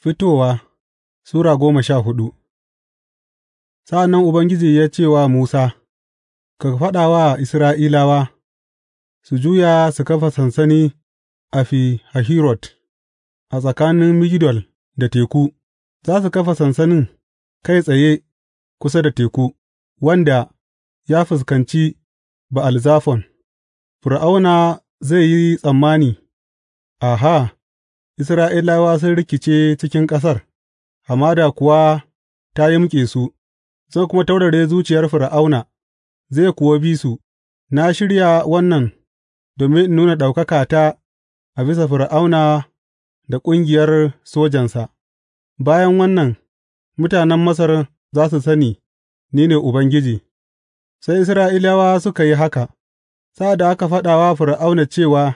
Fitowa Sura goma sha hudu Sa'an nan Ubangiji ya ce wa Musa, Ka faɗa wa Isra'ilawa, su juya su kafa sansani a Fi Hahirot, a tsakanin Migidol da teku, za su kafa sansanin kai tsaye kusa da teku, wanda ya fuskanci Ba'al Zafon, Fir'auna zai yi tsammani, Aha! Isra'ilawa sun rikice cikin ƙasar, hamada kuwa ta yimƙe su, zan kuma taurare zuciyar Fir'auna, zai kuwa bi su, na shirya wannan domin in nuna ɗaukakata a bisa Fir'auna da ƙungiyar sojansa, bayan wannan mutanen Masar za su sani ni ne Ubangiji, sai Isra'ilawa suka yi haka, sa'ad da aka faɗa wa Fir'auna cewa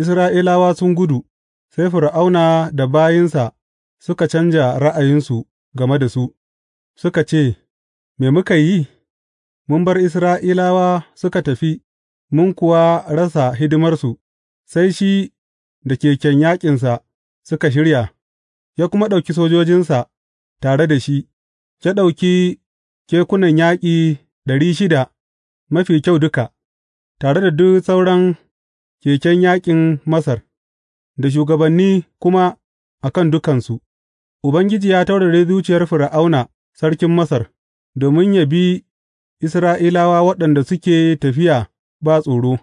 Isra'ilawa sun gudu. Sai Fir'auna da bayinsa suka canja ra'ayinsu game da su, suka ce, Me muka yi, mun bar Isra'ilawa suka tafi mun kuwa rasa hidimarsu, sai shi da keken yaƙinsa suka shirya, ya kuma ɗauki sojojinsa tare da shi, ya ɗauki kekunan yaƙi ɗari shida mafi kyau duka, tare da duk sauran keken yaƙin Masar. da shugabanni kuma a kan dukansu, Ubangiji ya taurare zuciyar Fir'auna sarkin Masar, domin ya bi Isra'ilawa waɗanda suke tafiya ba tsoro,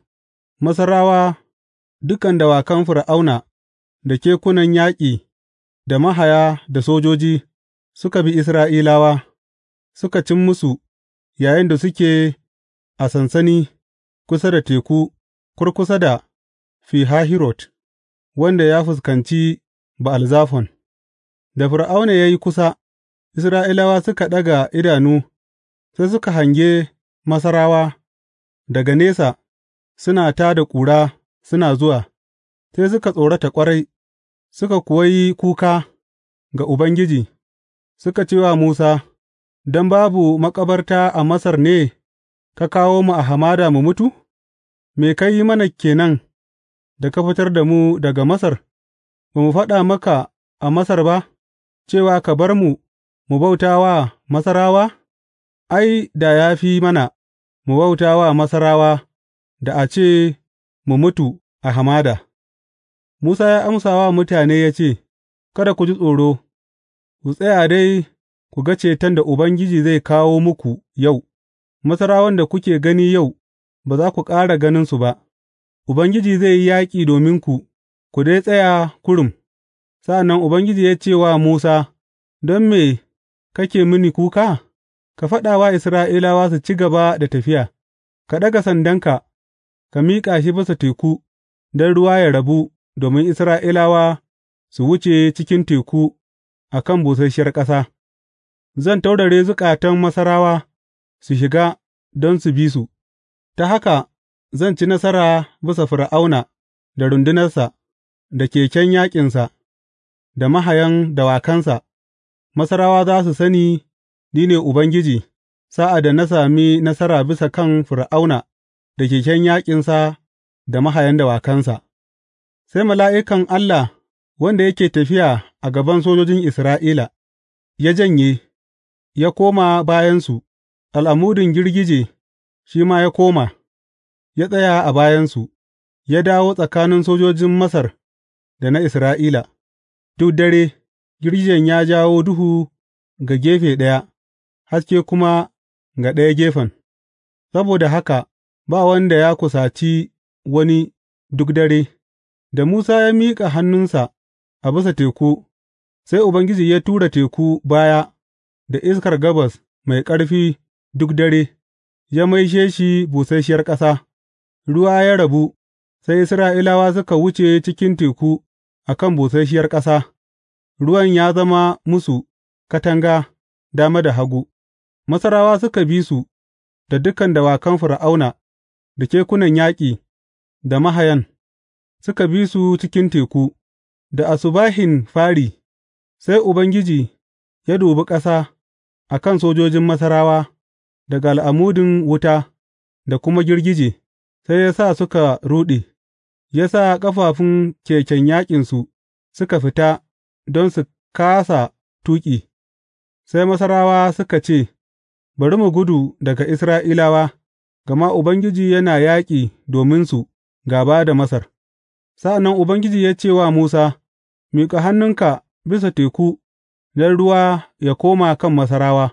Masarawa, dukan dawakan Fir'auna da kekunan yaƙi da mahaya da sojoji suka bi Isra'ilawa, suka cin musu yayin da suke a sansani kusa da teku, kurkusa da Fihahirot. wanda ya fuskanci Ba'al Zafon Da Fir'auna ya yi kusa, Isra'ilawa suka ɗaga idanu sai suka hange Masarawa daga nesa suna tā da ƙura suna zuwa, sai suka tsorata ƙwarai, suka kuwa yi kuka ga Ubangiji, suka ce wa Musa, Don babu makabarta a Masar ne ka kawo mu a hamada mu mutu? Me ka yi mana kenan? da ka fitar da mu daga Masar, ba mu faɗa maka a Masar ba, cewa ka bar mu mu bauta wa Masarawa? Ai, da ya fi mana mu bauta wa Masarawa da a ce mu mutu a hamada. Musa ya amsa wa mutane ya ce, Kada ku ji tsoro, ku tsaya dai ku ga ceton da Ubangiji zai kawo muku yau, Masarawan da kuke gani yau, ba za ku ƙara ganinsu ba. Ubangiji zai yi yaƙi dominku, ku dai tsaya kurum.’ Sa'an nan Ubangiji ya ce wa Musa, Don me kake mini kuka? Ka faɗa wa Isra'ilawa su ci gaba da tafiya, ka ɗaga sandanka, ka miƙa shi bisa teku, don ruwa ya rabu, domin Isra'ilawa su wuce cikin teku a kan busasshiyar ƙasa, zan taurare zukatan Masarawa su shiga don su bi su, ta haka Zan ci nasara bisa Fir'auna da rundunarsa, da keken yaƙinsa, da mahayan dawakansa; Masarawa za su sani ni ne Ubangiji sa'ad da na sami nasara bisa kan Fir'auna da keken yaƙinsa da mahayan dawakansa, sai mala'ikan Allah wanda yake tafiya a gaban sojojin Isra'ila, ya janye, ya koma bayansu, al'amudin girgije shi ma ya koma. ya tsaya a bayansu, ya dawo tsakanin sojojin Masar da na Isra'ila, duk dare, girgijen ya jawo duhu ga gefe ɗaya, haske kuma ga ɗaya gefen, saboda haka ba wanda ya kusaci wani duk dare, da Musa ya miƙa hannunsa a bisa teku, sai Ubangiji ya tura teku baya da iskar gabas mai ƙarfi duk dare, ya maishe shi busasshiyar ƙasa. Ruwa ya rabu, sai Isra'ilawa suka wuce cikin teku a kan busasshiyar ƙasa, ruwan ya zama musu katanga dama da hagu, Masarawa suka bi su da dukan dawakan Fir'auna, da kekunan yaƙi, da mahayan, suka bi su cikin teku, da asubahin fari, sai Ubangiji ya dubi ƙasa a kan sojojin Masarawa daga al'amudin wuta da kuma girgije. sai ya sa suka ruɗe, ya sa ƙafafun keken yaƙinsu suka fita don su kāsa tuƙi, sai Masarawa suka ce, Bari mu gudu daga Isra'ilawa, gama Ubangiji yana yaƙi dominsu gaba da Masar. Sa'an nan Ubangiji ya ce wa Musa, Miƙa hannunka bisa teku don ruwa ya koma kan Masarawa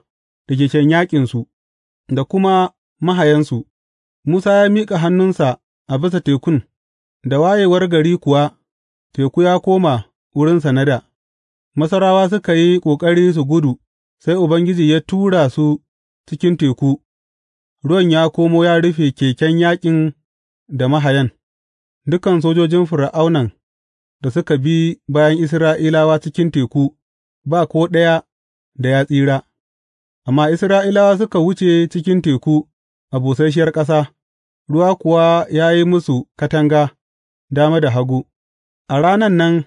da keken yaƙinsu da kuma mahayansu. Musa ya miƙa hannunsa a bisa tekun, da wayewar gari kuwa teku ya koma wurin sanada. Masarawa suka yi ƙoƙari su gudu, sai Ubangiji ya tura su cikin teku, ruwan ya komo ya rufe keken yaƙin da mahayan, dukan sojojin Fir'aunan da suka bi bayan Isra'ilawa cikin teku, ba ko ɗaya da ya tsira, amma Isra'ilawa suka wuce cikin teku. a busasshiyar ƙasa, ruwa kuwa ya yi musu katanga dama da hagu. A ranan nan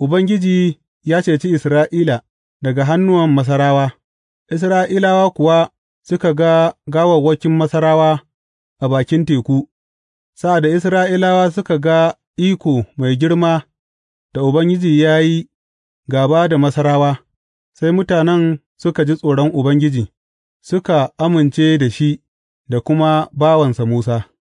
Ubangiji ya ceci Isra'ila daga hannuwan Masarawa, Isra'ilawa kuwa suka ga gawawwakin Masarawa a bakin teku, sa'ad da Isra'ilawa suka ga iko mai girma da Ubangiji ya yi gaba da Masarawa, sai mutanen suka ji tsoron Ubangiji, suka amince da shi da kuma bawansa Musa.